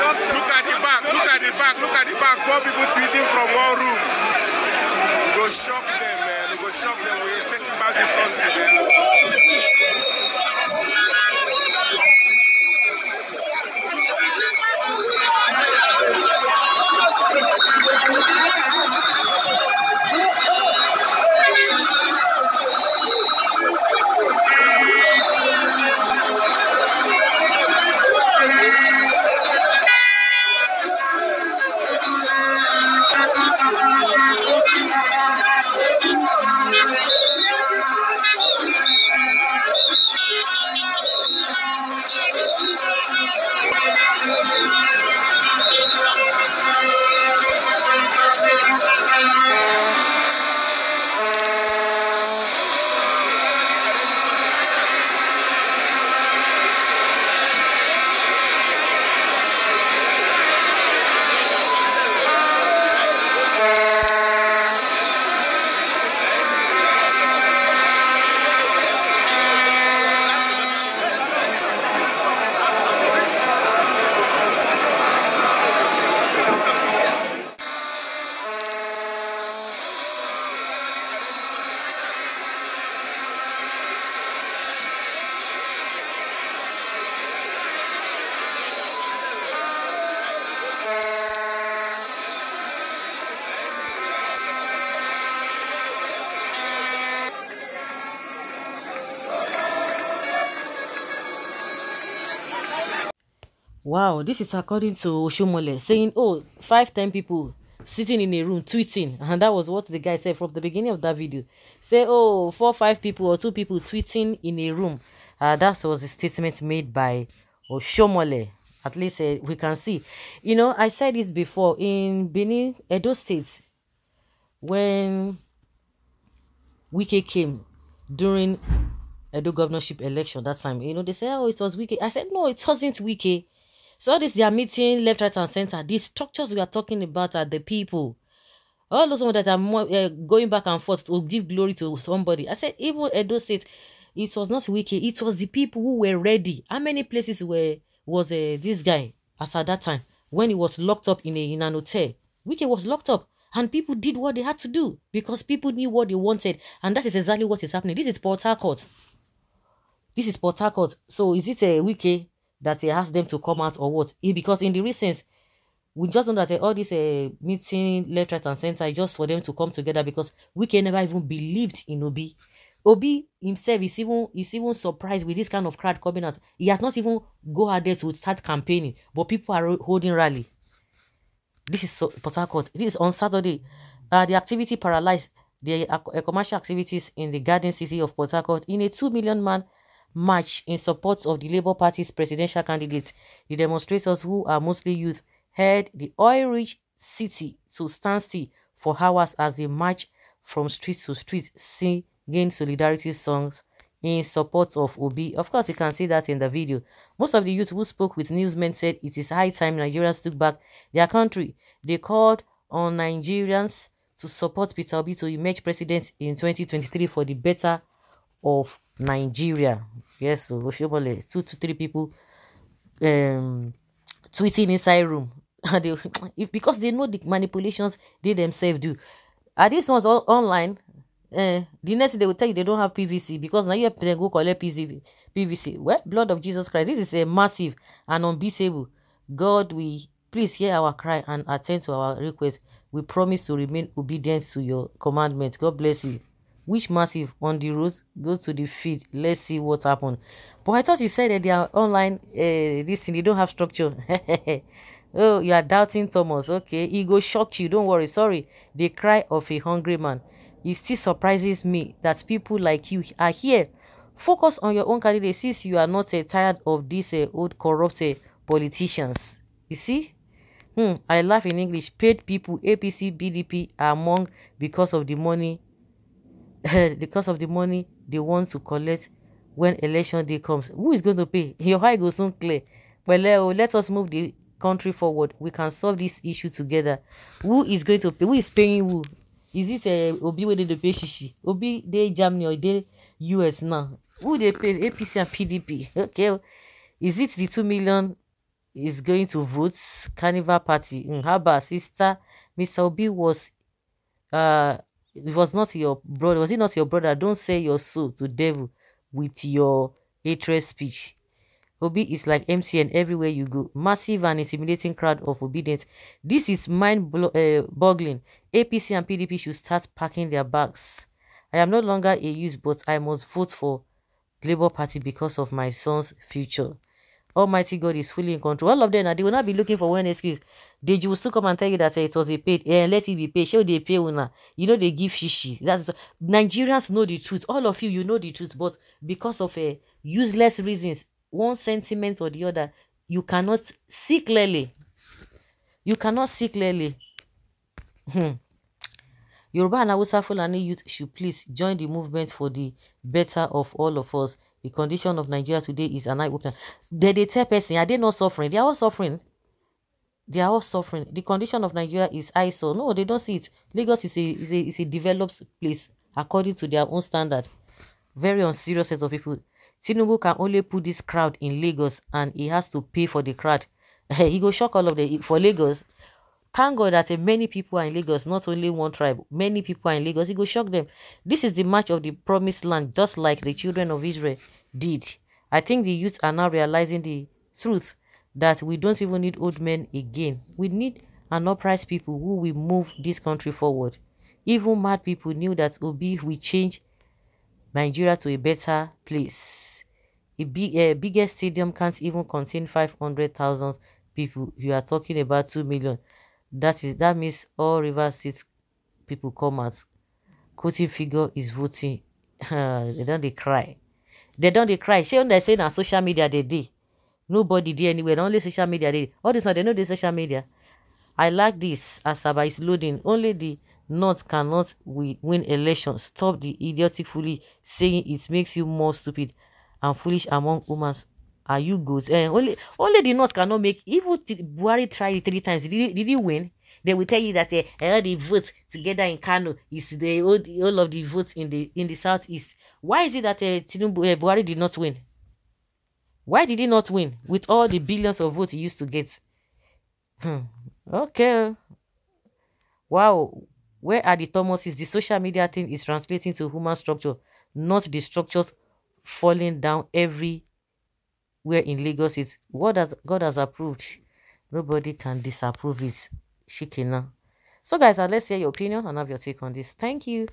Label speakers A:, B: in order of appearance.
A: Look at the back, look at the back, look at the back. Four people tweeting from one room. Go shock them, man. Go shock them. We're taking back this country, man. Wow, this is according to Oshomole saying, oh, five, ten people sitting in a room tweeting. And that was what the guy said from the beginning of that video. Say, oh, four, five people or two people tweeting in a room. Uh, that was a statement made by Oshomole. At least uh, we can see. You know, I said this before in Benin, Edo State, when Wike came during Edo governorship election that time, you know, they said, oh, it was Wike. I said, no, it wasn't Wike So this they are meeting left, right, and center. These structures we are talking about are the people. All those ones that are more, uh, going back and forth to give glory to somebody. I said, even Edo State, it was not wicked. It was the people who were ready. How many places were was uh, this guy as at that time when he was locked up in a in an hotel? Wicked was locked up and people did what they had to do because people knew what they wanted and that is exactly what is happening. This is Port Harcourt. This is Port Harcourt. So is it a eh, Wiki? that he asked them to come out or what. because in the recent, we just know that uh, all this uh, eh, meeting left, right, and center just for them to come together because we can never even believed in Obi. Obi himself is even is even surprised with this kind of crowd coming out. He has not even go out there to start campaigning, but people are holding rally. This is so, Port Harcourt. This is on Saturday. Uh, the activity paralyzed the uh, commercial activities in the garden city of Port Harcourt in a 2 million man march in support of the Labour Party's presidential candidate. The demonstrators, who are mostly youth, held the oil-rich city to stand still for hours as they marched from street to street singing solidarity songs in support of Obi. Of course, you can see that in the video. Most of the youth who spoke with newsmen said it is high time Nigerians took back their country. They called on Nigerians to support Peter Obi to emerge president in 2023 for the better of Nigeria. Yes, so Oshobole, two to three people um tweeting inside room. they, if, because they know the manipulations they themselves do. Are these ones all online? Uh, the next they will tell you they don't have PVC because now you have to go collect PVC. PVC. Well, blood of Jesus Christ. This is a massive and unbeatable. God, we please hear our cry and attend to our request. We promise to remain obedient to your commandments. God bless you. which massive on the road go to the feed let's see what happened but i thought you said that they are online uh, this thing they don't have structure oh you are doubting thomas okay he go shock you don't worry sorry the cry of a hungry man it still surprises me that people like you are here focus on your own candidate since you are not uh, tired of these uh, old corrupt uh, politicians you see hmm i laugh in english paid people apc bdp are among because of the money because of the money they want to collect when election day comes. Who is going to pay? Your high goes soon clear. But let us move the country forward. We can solve this issue together. Who is going to pay? Who is paying who? Is it uh, eh, Obi where they pay Shishi? Obi they Germany or they US now? Who they pay? APC and PDP. Okay. Is it the 2 million is going to vote Carnival Party? In hmm, Haba, sister, Mr. Obi was uh it was not your brother was it not your brother don't sell your soul to devil with your hatred speech obi is like mcn everywhere you go massive and intimidating crowd of obedience this is mind uh, boggling apc and pdp should start packing their bags i am no longer a youth but i must vote for labour party because of my son's future Almighty God is fully in control. All of them, na, they will not be looking for one excuse. They will still come and tell you that uh, it was a paid. Uh, let it be paid. Show they pay una. You know they give shishi. That's Nigerians know the truth. All of you, you know the truth, but because of uh, useless reasons, one sentiment or the other, you cannot see clearly. You cannot see clearly. Hmm. Yoruba and Hausa Fulani youth should please join the movement for the better of all of us. The condition of Nigeria today is an eye-opener. They, they tell person, are they not suffering? They are all suffering. They are all suffering. The condition of Nigeria is ISO. No, they don't see it. Lagos is a, is a, is a developed place according to their own standard. Very unserious set of people. Tinubu can only put this crowd in Lagos and he has to pay for the crowd. he go shock all of them. For Lagos, Thank God that uh, many people are in Lagos, not only one tribe. Many people are in Lagos. It will shock them. This is the march of the promised land, just like the children of Israel did. I think the youth are now realizing the truth that we don't even need old men again. We need an upright people who will move this country forward. Even mad people knew that Obi will change Nigeria to a better place. A big, a eh, biggest stadium can't even contain 500,000 people. You are talking about 2 million. That is that means all River State people come out. quoting figure is voting. they don't they cry. They don't they cry. She they say on social media they did. Nobody did anywhere. Only social media they did. All this one they know the social media. I like this as Asaba is loading. Only the not cannot win election. Stop the idiotic fully saying it makes you more stupid and foolish among women Are you good? Uh, only only the North cannot make. Even Buhari tried it three times. Did he, did he win? They will tell you that uh, all the votes together in Kano is the all, all of the votes in the in the southeast. Why is it that uh, Tinubu, uh, Buhari did not win? Why did he not win with all the billions of votes he used to get? Hmm. Okay. Wow. Where are the Thomases? The social media thing is translating to human structure, not the structures falling down every where in Lagos it's what has God has approved. Nobody can disapprove it. Shikina. So guys, uh, let's hear your opinion and have your take on this. Thank you.